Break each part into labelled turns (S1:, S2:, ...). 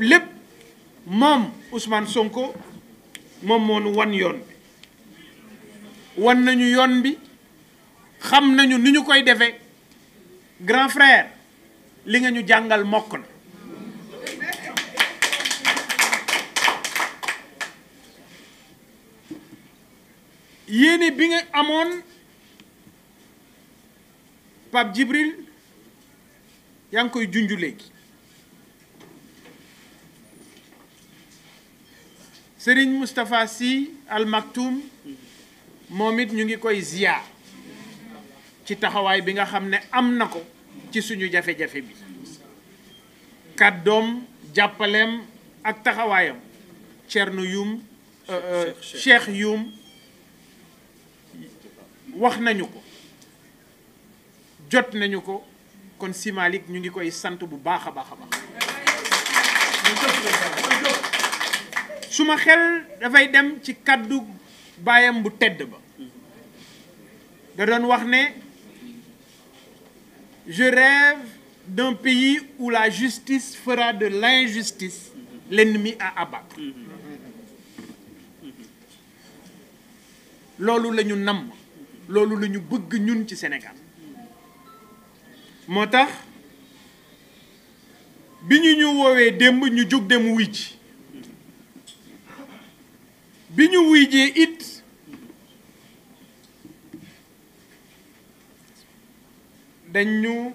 S1: lépp moom Ousmane Sonko moom moo wan yoon bi wan nañu yoon bi xam nañu ni ñu koy defe grand frère li nga ñu jàngal mokk na yéene bi nga amoon Pape Djibril yaa ngi koy junju léegi Serigne Moustapha Sy Al Maktoum moom it ñu ngi koy ziyaar ci taxawaay bi nga xam ne am na ko ci suñu jafe-jafe bi kàddoom jàppaleem ak taxawaayam Thierno Youm euh, euh, Cheikh Youm wax nañu ko jot nañu ko kon Sy ñu ngi koy sant bu baax baax a baax su ma xel dafay dem ci kàddu baayam bu tedd ba da doon wax ne je rêve d'un pays où la justice fera de l'injustice l'ennemi à abattre loolu la namm loolu la ñu bëgg ñun ci Sénégal moo tax bi ñu ñu woowee démb ñu jóg dem wuy bi ñu wuy jee it dañ ñu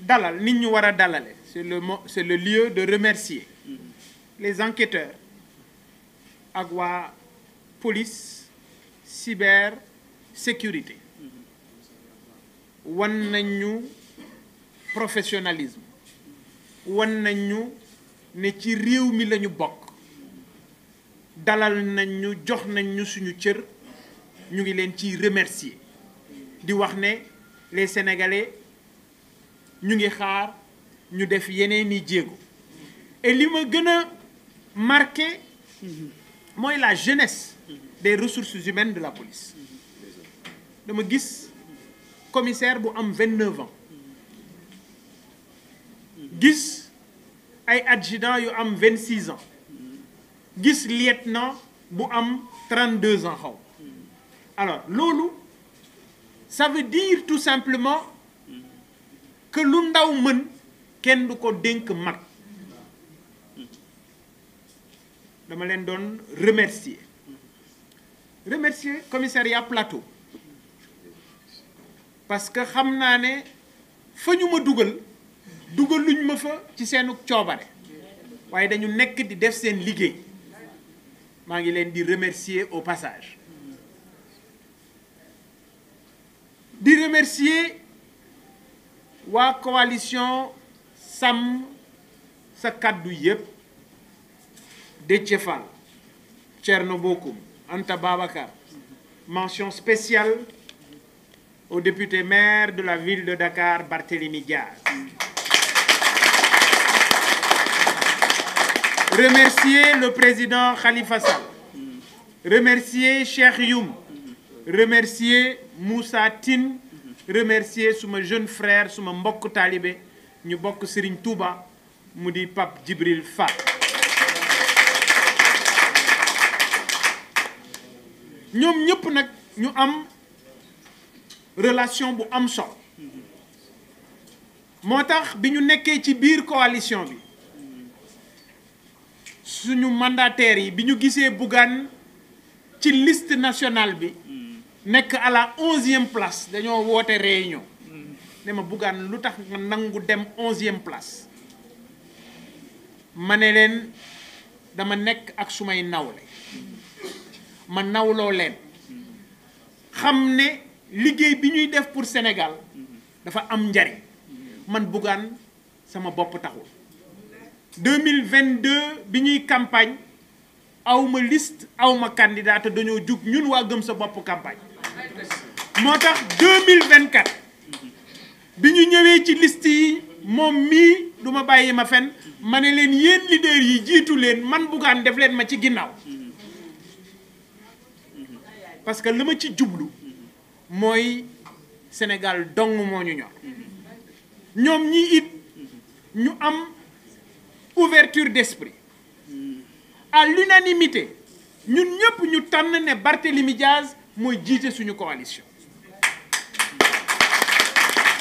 S1: dalal nit ñu war a dalale c'est le mo c'est le lieu de remercier les enquêteurs ak waa police cyber sécurité wan nañ ñu professionnalisme wan nañ ne ci réew mi lañu bokk dalal nañ jox nañ ñu suñu cër ñu ngi leen ciy remercier di wax ne les sénégalais ñu ngi xaar ñu def yeneen i jéego et li ma gën a marqué mooy la jeunesse des ressources humaines de la police dama gis commissaire bu am vingt-neuf ans gis ay adjudant yu am vingt-six ans gis lieutenant bu am 32 ans xaw alors loolu ça veut dire tout simplement que lu ndaw mën kenn du ko dénk mag dama leen doon remercier remercier commissariat plateau parce que xam naa ne fa ñu ma dugal dugal luñ ma fa ci seenu coobare waaye dañu nekk di def seen liggéey maa ngi leen di remercier au passage di remercier waa coalition sàmm sa kàddu yépp Déthié Fall Thierno Bocoum Anta Babacar mention spéciale au député maire de la ville de Dakar Barthélémy Diaz remercier le président Khalifa Sall remercier Cheikh Youm remercier Moussa Tine remercier suma jeune frère suma mbokk taalibe ñu bokk Serigne Touba mu di Pape Djibril Fall ñoom ñëpp nag ñu am relation bu am solo moo tax bi ñu nekkee ci biir coalition bi suñu mandataires yi bi ñu gisee Bougane ci list national bi nekk à la onzième place dañoo woote réunion ne ma Bougane lu tax nga nangu dem onzième place ma ne leen dama nekk ak sumay nawle ma nawloo leen xam ne liggéey bi ñuy def pour Sénégal dafa am njariñ man Bougane sama bopp taxul deux mille vingt deux bi ñuy campagne awma liste awma candidat dañoo jug ñun waa gëm sa bopp campagne moo tax deux mille vingt quatre bi ñu ñëwee ci list yi moom mii du ma bàyyi ma fen ma ne leen yéen leader yi jiitu leen man Bougane def leen ma ci ginnaaw parce que li ma ci jublu mooy Sénégal dong moo ñu ñor ñoom ñi it ñu am couverture d'esprit à l'unanimité ñun ñëpp ñu tànn ne Barthélemy Diaz mooy jiite suñu coalition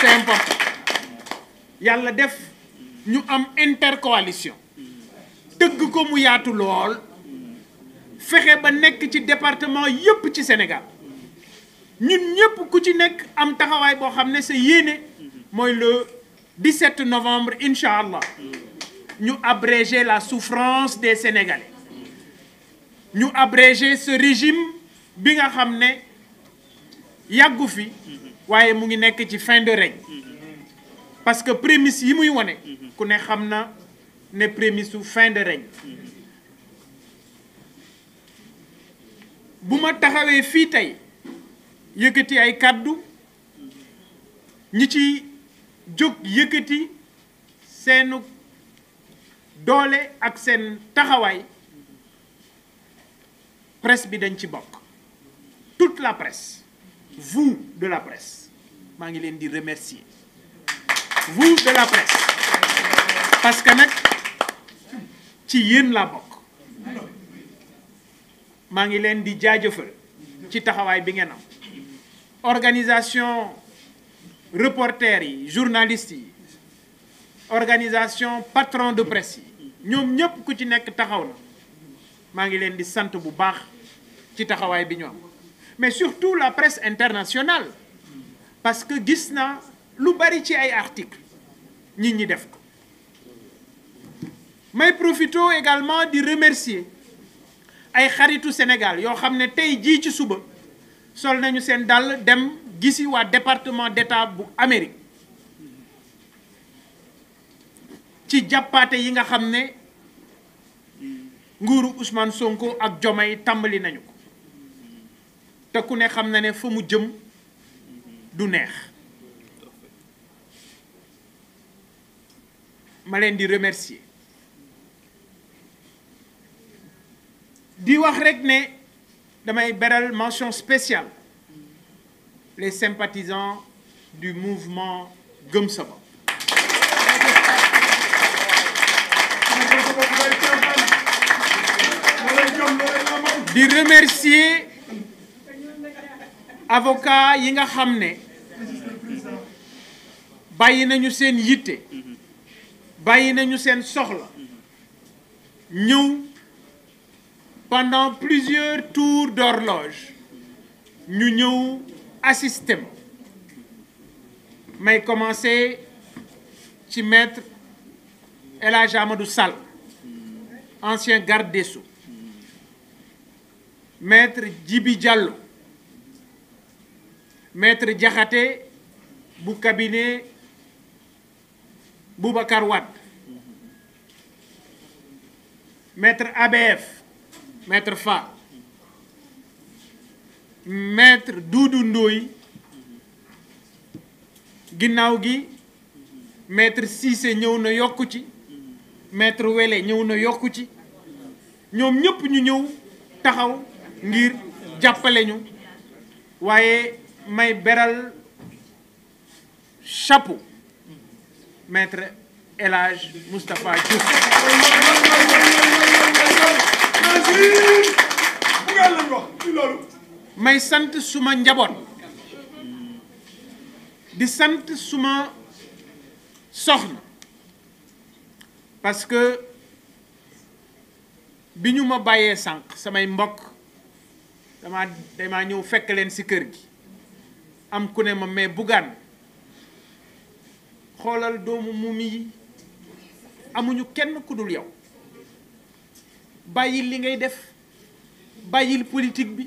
S1: c'est important yàlla def ñu am intercoalition tëgg ko mu yaatu lool fexe ba nekk ci département yëpp ci Sénégal ñun ñëpp ku ci nekk am taxawaay boo xam ne sa yéene mooy le 17 novembre incha allah ñu abréger la souffrance des Sénégalais ñu abréger ce régime bi nga xam ne yàggu fi waaye mu ngi nekk ci fin de parce que prémisse yi muy wone ku ne xam na ne prémisse su fin de bu ma taxawee fii tey yëkkati ay kàddu ñi ci jóg yëkkati seenu doole ak seen taxawaay presse bi dañ ci bokk toute la presse vous de la press maa ngi leen di remercier vous de la presse parce que nag ci yéen la bokk maa ngi leen di jaajëfal ci taxawaay bi ngeen am organisation reporters yi journalistes yi organisation patron de presse yi ñoom ñëpp ku ci nekk taxaw na maa ngi leen di sant bu baax ci taxawaay bi ñu mais surtout la presse internationale parce que gis naa lu bari ci ay articles nit ñi def ko may profito également di remercier ay xaritu Sénégal yoo xam ne tey jii ci suba sol nañu seen dàll dem gisi waa département d'État bu Amérique ci jàppaate yi nga xam ne nguuru Ousmane Sonko ak Diomaye tàmbali nañu ko te ku ne xam na ne fa mu jëm du neex ma leen di remercier di wax rek ne damay beral mention spéciale les sympathisants du mouvement Gëm Sa di remercier avocat yi nga xam ne bàyyi nañu seen yitte bàyyi nañu seen soxla ñëw pendant plusieurs tours d'horloge ñu ñëw assister ma may commencer ci maître El Hadj Amadou Sall ancien garde des Sceaux maître Djibi jàll maître Diakhaté bu cabinet Boubacar metre maître ABF maître Fa metre Doudou Ndoye ginnaaw gi maître Cissé ñëw na yokku ci maître Wele ñëw na yokku ci ñoom ñëpp ñu ñëw taxaw ngir jàppale ñu waaye may beral chapeau maître El Hadj Moustapha Diouf may sant suma njaboot di sant suma soxna parce que bi ñu ma bàyyee sànq samay mbokk damaa damaa ñëw fekk leen si kër gi am ku ne ma mais Bougane xoolal doomu Momy yi amuñu kenn ku dul yow bàyyil li ngay def bàyyil politique bi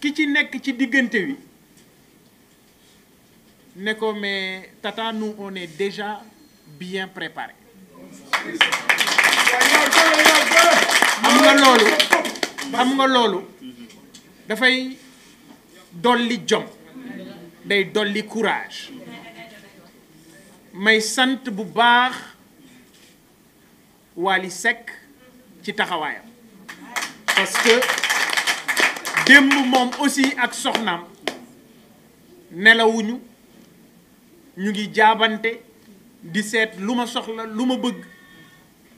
S1: ki ci nekk ci diggante wi ne ko mais tata nous déjà bien préparé. am nga loolu. xam nga loolu dafay dolli jom day dolli courage may sant bu baax waali Seck ci taxawaayam parce que démb moom aussi ak soxnaam nelawuñu ñu ngi jaabante di seet lu ma soxla lu ma bëgg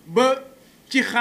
S1: ba ci xaar